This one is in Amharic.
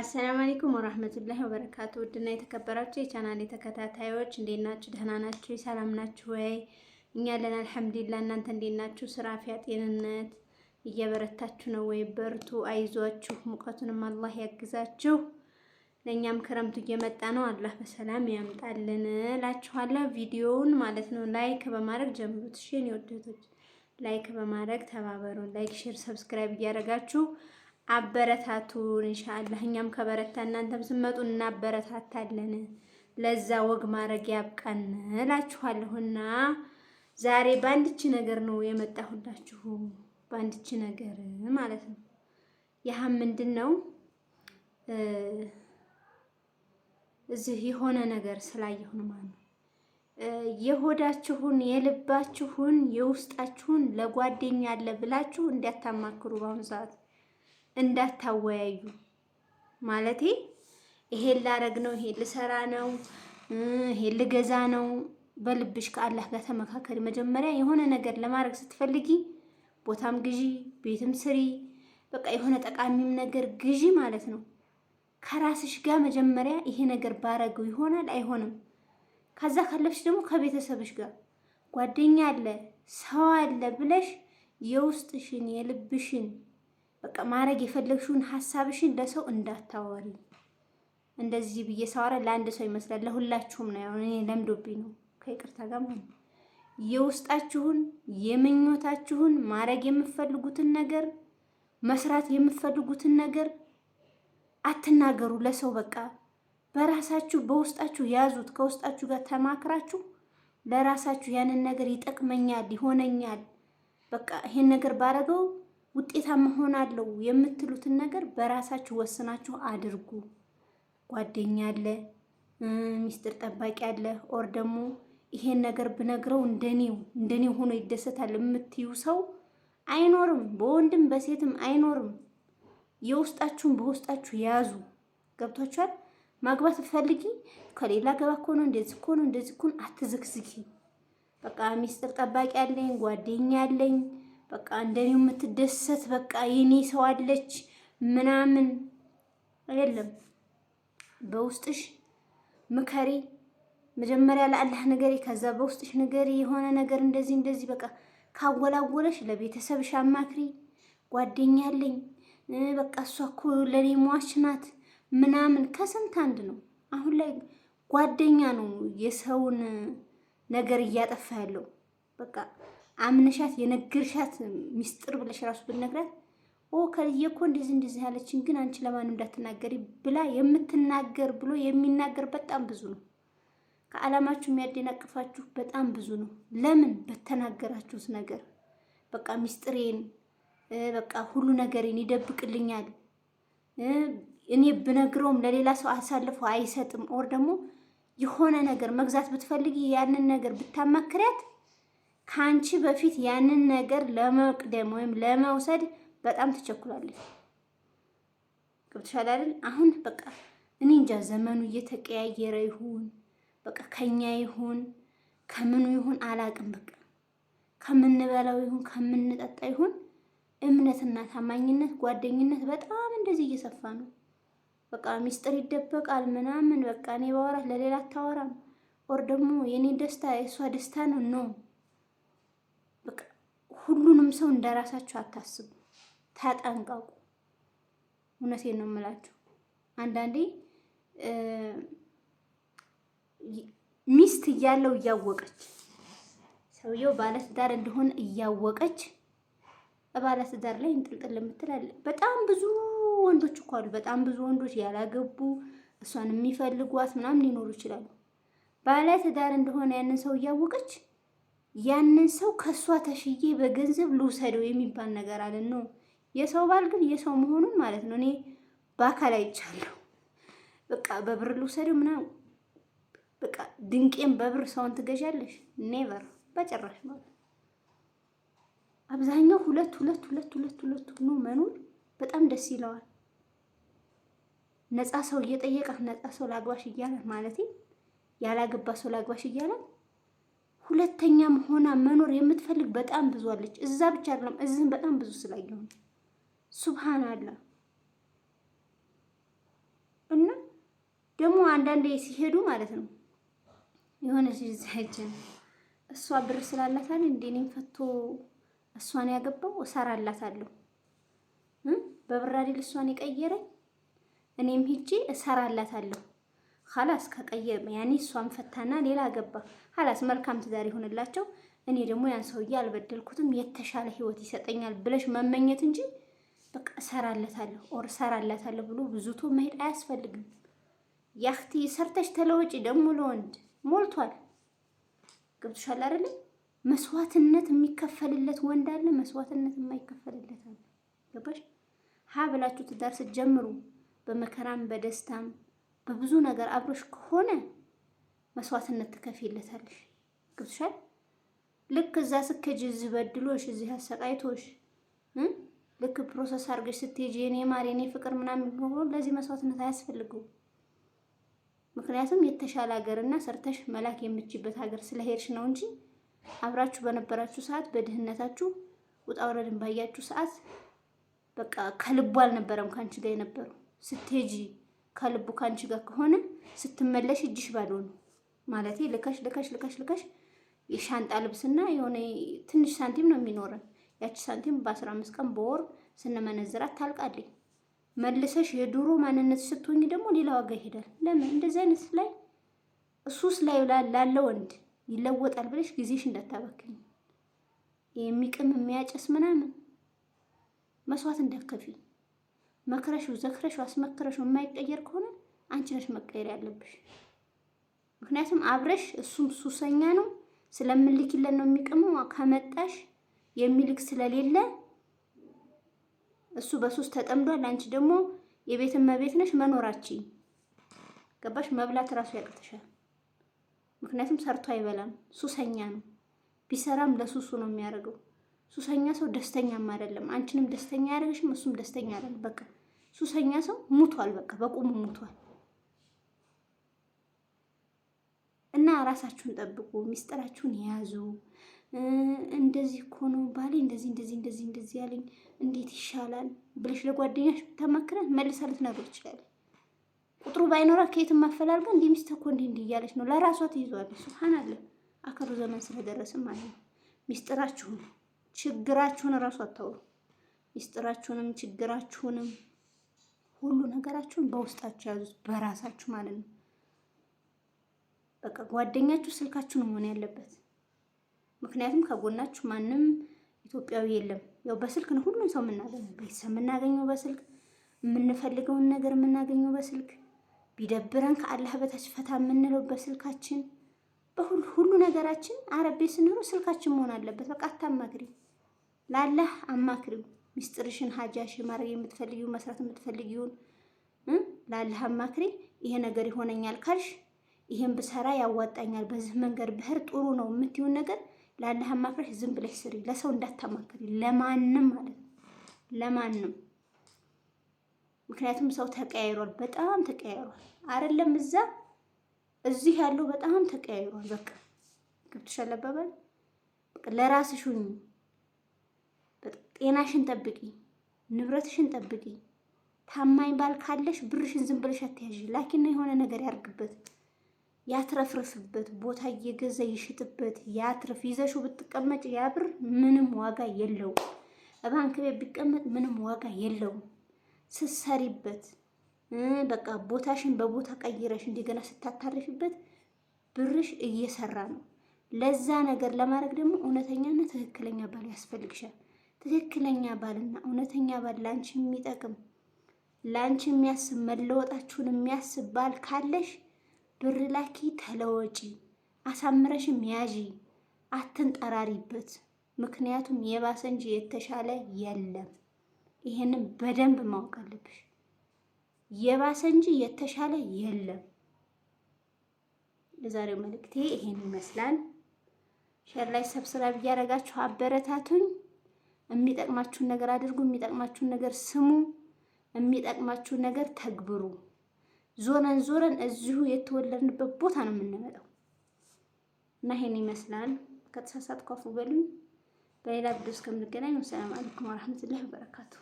አሰላም አለይኩም ወራህመቱላሂ ወበረካቱ። ውድና የተከበራችሁ የቻናሌ ተከታታዮች እንዴት ናችሁ? ደህና ናችሁ? ሰላም ናችሁ ወይ? እኛ ለን አልሐምዱሊላህ። እናንተ እንዴት ናችሁ? ስራ፣ አፊያ፣ ጤንነት እየበረታችሁ ነው ወይ? በርቱ፣ አይዟችሁ። ሙቀቱንም አላህ ያግዛችሁ። ለእኛም ክረምቱ እየመጣ ነው፣ አላህ በሰላም ያምጣልን እላችኋለሁ። ቪዲዮውን ማለት ነው ላይክ በማድረግ ጀምሩት። እሺ የኔ ላይክ በማድረግ ተባበሩን። ላይክ፣ ሼር፣ ሰብስክራይብ እያደረጋችሁ አበረታቱን። ኢንሻአላህ እኛም ከበረታ እናንተም ስመጡ እናበረታታለን። ለዛ ወግ ማድረግ ያብቃን እላችኋለሁና ዛሬ በአንድች ነገር ነው የመጣሁላችሁ። በአንድች ነገር ማለት ነው። ያህም ምንድን ነው እዚህ የሆነ ነገር ስላየሁ ነው ማለት ነው። የሆዳችሁን የልባችሁን የውስጣችሁን ለጓደኛ አለ ብላችሁ እንዲያታማክሩ በአሁኑ ሰዓት እንዳታወያዩ ማለት ይሄን ላረግ ነው፣ ይሄን ልሰራ ነው፣ ይሄን ልገዛ ነው። በልብሽ ከአላህ ጋር ተመካከሪ። መጀመሪያ የሆነ ነገር ለማድረግ ስትፈልጊ ቦታም ግዢ፣ ቤትም ስሪ፣ በቃ የሆነ ጠቃሚም ነገር ግዢ ማለት ነው። ከራስሽ ጋር መጀመሪያ ይሄ ነገር ባረገው ይሆናል አይሆንም። ከዛ ካለፍሽ ደግሞ ከቤተሰብሽ ጋር ጓደኛ አለ ሰው አለ ብለሽ የውስጥሽን የልብሽን በቃ ማድረግ የፈለግሽውን ሀሳብሽን ለሰው እንዳታወሪ። እንደዚህ ብዬ ሳወራ ለአንድ ሰው ይመስላል፣ ለሁላችሁም ነው። ያው እኔ ለምዶብኝ ነው ከይቅርታ ጋር ማለት ነው። የውስጣችሁን የምኞታችሁን ማድረግ የምትፈልጉትን ነገር መስራት የምፈልጉትን ነገር አትናገሩ ለሰው። በቃ በራሳችሁ በውስጣችሁ ያዙት። ከውስጣችሁ ጋር ተማክራችሁ ለራሳችሁ ያንን ነገር ይጠቅመኛል፣ ይሆነኛል፣ በቃ ይሄን ነገር ባረገው ውጤታማ ሆናለሁ የምትሉትን ነገር በራሳችሁ ወስናችሁ አድርጉ። ጓደኛ አለ፣ ሚስጥር ጠባቂ አለ፣ ኦር ደግሞ ይሄን ነገር ብነግረው እንደኔው እንደኔው ሆኖ ይደሰታል የምትዩ ሰው አይኖርም። በወንድም በሴትም አይኖርም። የውስጣችሁን በውስጣችሁ ያዙ። ገብቷችኋል? ማግባት ፈልጊ ከሌላ ገባ እኮ ነው እንደዚህ እኮ ነው እንደዚህ እኮ ነው። አትዝግዝጊ። በቃ ሚስጥር ጠባቂ አለኝ ጓደኛ አለኝ በቃ እንደኔው የምትደሰት በቃ የኔ ሰው አለች ምናምን አይደለም። በውስጥሽ ምከሪ መጀመሪያ ለአላህ ነገሪ፣ ከዛ በውስጥሽ ነገሪ። የሆነ ነገር እንደዚህ እንደዚህ በቃ ካወላወለሽ ለቤተሰብሽ አማክሪ። ጓደኛ አለኝ በቃ እሷ እኮ ለኔ ሟች ናት ምናምን ከስንት አንድ ነው። አሁን ላይ ጓደኛ ነው የሰውን ነገር እያጠፋ ያለው በቃ አምነሻት የነገርሻት ሚስጥር ብለሽ ራሱ ብትነግራት ኦ ከልዬ እኮ እንደዚህ እንደዚህ ያለችን ግን አንቺ ለማንም እንዳትናገሪ ብላ የምትናገር ብሎ የሚናገር በጣም ብዙ ነው። ከዓላማችሁ የሚያደናቅፋችሁ በጣም ብዙ ነው። ለምን በተናገራችሁት ነገር በቃ ሚስጥሬን በቃ ሁሉ ነገሬን ይደብቅልኛል፣ እኔ ብነግረውም ለሌላ ሰው አሳልፎ አይሰጥም። ኦር ደግሞ የሆነ ነገር መግዛት ብትፈልጊ ያንን ነገር ብታማክሪያት ከአንቺ በፊት ያንን ነገር ለመቅደም ወይም ለመውሰድ በጣም ትቸኩላለች። ገብቶሻል አይደል? አሁን በቃ እኔ እንጃ ዘመኑ እየተቀያየረ ይሁን በቃ ከኛ ይሁን ከምኑ ይሁን አላቅም። በቃ ከምንበላው ይሁን ከምንጠጣ ይሁን እምነትና ታማኝነት፣ ጓደኝነት በጣም እንደዚህ እየሰፋ ነው። በቃ ሚስጥር ይደበቃል ምናምን በቃ እኔ ባወራት ለሌላ አታወራም። ኦር ደግሞ የኔ ደስታ የእሷ ደስታ ነው ነው ሁሉንም ሰው እንደራሳችሁ አታስቡ፣ ተጠንቀቁ። እውነቴን ነው የምላችሁ። አንዳንዴ ሚስት እያለው እያወቀች ሰውየው ባለትዳር እንደሆነ እያወቀች ባለትዳር ላይ እንጥልጥል የምትላለ። በጣም ብዙ ወንዶች እኮ አሉ። በጣም ብዙ ወንዶች ያላገቡ እሷን የሚፈልጓት ምናምን ሊኖሩ ይችላሉ። ባለትዳር እንደሆነ ያንን ሰው እያወቀች ያንን ሰው ከእሷ ተሽዬ በገንዘብ ልውሰደው የሚባል ነገር አለ ነው። የሰው ባል ግን የሰው መሆኑን ማለት ነው። እኔ በአካል አይቻለሁ። በቃ በብር ልውሰደው ምናምን በቃ ድንቄም በብር ሰውን ትገዣለሽ? ኔቨር በጭራሽ ማለት አብዛኛው ሁለት ሁለት ሁለት ሁለት ሁለት ሆኖ መኖር በጣም ደስ ይለዋል። ነፃ ሰው እየጠየቀ ነፃ ሰው ላግባሽ እያለ ማለት ያላገባ ሰው ላግባሽ እያለ ሁለተኛም ሆና መኖር የምትፈልግ በጣም ብዙ አለች። እዛ ብቻ አይደለም፣ እዚህም በጣም ብዙ ስላየሁ ሱብሃን አላህ። እና ደግሞ አንዳንዴ ሲሄዱ ማለት ነው የሆነ ሲዘጅ እሷ ብር ስላላታል እንዴ እኔም ፈቶ እሷን ያገባው እሰራላታለሁ በብር አይደል እሷን የቀየረኝ እኔም ሂጄ እሰራላታለሁ ሀላስ ከቀየመ ያኔ እሷን ፈታና ሌላ ገባ። ሀላስ መልካም ትዳር ይሆንላቸው። እኔ ደግሞ ያን ሰውዬ አልበደልኩትም የተሻለ ህይወት ይሰጠኛል ብለሽ መመኘት እንጂ በቃ እሰራለታለሁ ኦር እሰራለታለሁ ብሎ ብዙቶ መሄድ አያስፈልግም። ያህቲ ሰርተሽ ተለወጪ። ደግሞ ለወንድ ሞልቷል። ገብቶሻል አይደለ? መስዋዕትነት የሚከፈልለት ወንድ አለ፣ መስዋዕትነት የማይከፈልለት አለ። ገባሽ? ሀ ብላችሁ ትዳር ስትጀምሩ በመከራም በደስታም በብዙ ነገር አብሮሽ ከሆነ መስዋዕትነት ትከፊለታለሽ። ግብሻል። ልክ እዛ ስከጅ እዚህ በድሎሽ እዚህ አሰቃይቶሽ ልክ ፕሮሰስ አድርገሽ ስትሄጂ የኔ ማር የኔ ፍቅር ምናምን ለዚህ መስዋዕትነት አያስፈልገው ምክንያቱም የተሻለ ሀገርና ሰርተሽ መላክ የምችበት ሀገር ስለሄድሽ ነው እንጂ አብራችሁ በነበራችሁ ሰዓት በድህነታችሁ ውጣ ውረድን ባያችሁ ሰዓት በቃ ከልቡ አልነበረም ከአንቺ ጋር የነበረው ስትሄጂ ከልቡ ከአንቺ ጋር ከሆነ ስትመለሽ እጅሽ ባዶ ነው ማለት ልከሽ ልከሽ ልከሽ ልከሽ የሻንጣ ልብስና የሆነ ትንሽ ሳንቲም ነው የሚኖረን። ያቺ ሳንቲም በአስራ አምስት ቀን በወር ስንመነዝራት ታልቃለች መልሰሽ የድሮ ማንነት ስትሆኝ ደግሞ ሌላ ዋጋ ይሄዳል። ለምን እንደዚህ አይነት ላይ እሱስ ላይ ላለ ወንድ ይለወጣል ብለሽ ጊዜሽ እንዳታባክኝ። የሚቅም የሚያጨስ ምናምን መስዋዕት እንዳከፊ መክረሹ ዘክረሹ አስመክረሹ የማይቀየር ከሆነ አንቺ ነሽ መቀየር ያለብሽ። ምክንያቱም አብረሽ እሱም ሱሰኛ ነው፣ ስለምልክለን ነው የሚቅመው። ከመጣሽ የሚልክ ስለሌለ እሱ በሱስ ተጠምዷል። አንቺ ደግሞ የቤት እመቤት ነሽ፣ መኖራቺ ገባሽ። መብላት እራሱ ያቅትሻል። ምክንያቱም ሰርቶ አይበላም፣ ሱሰኛ ነው። ቢሰራም ለሱሱ ነው የሚያደርገው። ሱሰኛ ሰው ደስተኛም አይደለም። አንቺንም ደስተኛ አያደርግሽም፣ እሱም ደስተኛ አይደለም። በቃ ሱሰኛ ሰው ሙቷል። በቃ በቁሙ ሙቷል። እና ራሳችሁን ጠብቁ፣ ሚስጥራችሁን ያዙ። እንደዚህ እኮ ነው ባሌ እንደዚህ እንደዚህ እንደዚህ እንደዚህ ያለኝ እንዴት ይሻላል ብለሽ ለጓደኛሽ ብታማክረን መልሳ ልትነግር ይችላል። ቁጥሩ ባይኖራት ከየትም ማፈላልጋ እንዲህ ሚስት እኮ እንዲህ እንዲህ እያለች ነው ለራሷ ትይዟለች። ሱብሃን አለ አከሩ ዘመን ስለደረስም ማለት ነው ሚስጥራችሁን ችግራችሁን እራሱ አታውሩ። ሚስጥራችሁንም ችግራችሁንም ሁሉ ነገራችሁን በውስጣችሁ ያዙት፣ በራሳችሁ ማለት ነው። በቃ ጓደኛችሁ ስልካችሁን መሆን ያለበት። ምክንያቱም ከጎናችሁ ማንም ኢትዮጵያዊ የለም። ያው በስልክ ነው ሁሉን ሰው የምናገኘው፣ ቤተሰብ የምናገኘው በስልክ የምንፈልገውን ነገር የምናገኘው በስልክ ቢደብረን ከአላህ በታች ፈታ የምንለው በስልካችን፣ በሁሉ ነገራችን አረቤ ስንሆን ስልካችን መሆን አለበት። በቃ አታማግሪ ላላህ አማክሪው ሚስጥርሽን ሀጃሽ ማድረግ የምትፈልጊውን መስራት የምትፈልጊውን ላለህ አማክሪ። ይሄ ነገር ይሆነኛል ካልሽ ይሄን ብሰራ ያዋጣኛል፣ በዚህ መንገድ ብህር ጥሩ ነው የምትይውን ነገር ላለህ አማክረሽ ዝም ብለሽ ስሪ። ለሰው እንዳታማክሪ፣ ለማንም ማለት ነው ለማንም። ምክንያቱም ሰው ተቀያይሯል፣ በጣም ተቀያይሯል። አይደለም እዛ እዚህ ያለው በጣም ተቀያይሯል። በቃ ገብቶሻል አባባል። ለራስሽ ሁኚ ጤናሽን ጠብቂ፣ ንብረትሽን ጠብቂ። ታማኝ ባል ካለሽ ብርሽን ዝም ብለሽ አትያዥ። ላኪና የሆነ ነገር ያርግበት፣ ያትረፍርፍበት፣ ቦታ እየገዛ ይሽጥበት፣ ያትርፍ። ይዘሹ ብትቀመጭ ያ ብር ምንም ዋጋ የለው እባንክ ቤት ቢቀመጥ ምንም ዋጋ የለውም። ስሰሪበት በቃ ቦታሽን በቦታ ቀይረሽ እንደገና ስታታርፊበት ብርሽ እየሰራ ነው። ለዛ ነገር ለማድረግ ደግሞ እውነተኛና ትክክለኛ ባል ያስፈልግሻል። ትክክለኛ ባልና እውነተኛ ባል ላንች የሚጠቅም ላንች የሚያስብ መለወጣችሁን የሚያስብ ባል ካለሽ ብር ላኪ፣ ተለወጪ፣ አሳምረሽም ያዢ፣ አትንጠራሪበት። ምክንያቱም የባሰ እንጂ የተሻለ የለም። ይሄንን በደንብ ማወቅ አለብሽ። የባሰ እንጂ የተሻለ የለም። የዛሬው መልእክቴ ይሄን ይመስላል። ሸር ላይ ሰብስክራይብ እያደረጋችሁ አበረታቱኝ። የሚጠቅማችሁን ነገር አድርጉ። የሚጠቅማችሁን ነገር ስሙ። የሚጠቅማችሁን ነገር ተግብሩ። ዞረን ዞረን እዚሁ የተወለድንበት ቦታ ነው የምንመጣው እና ይሄን ይመስላል። ከተሳሳትኩ አፉ በሉኝ። በሌላ ቪዲዮ እስከምንገናኝ ወሰላም አለይኩም ወራህመቱላሂ ወበረካቱ።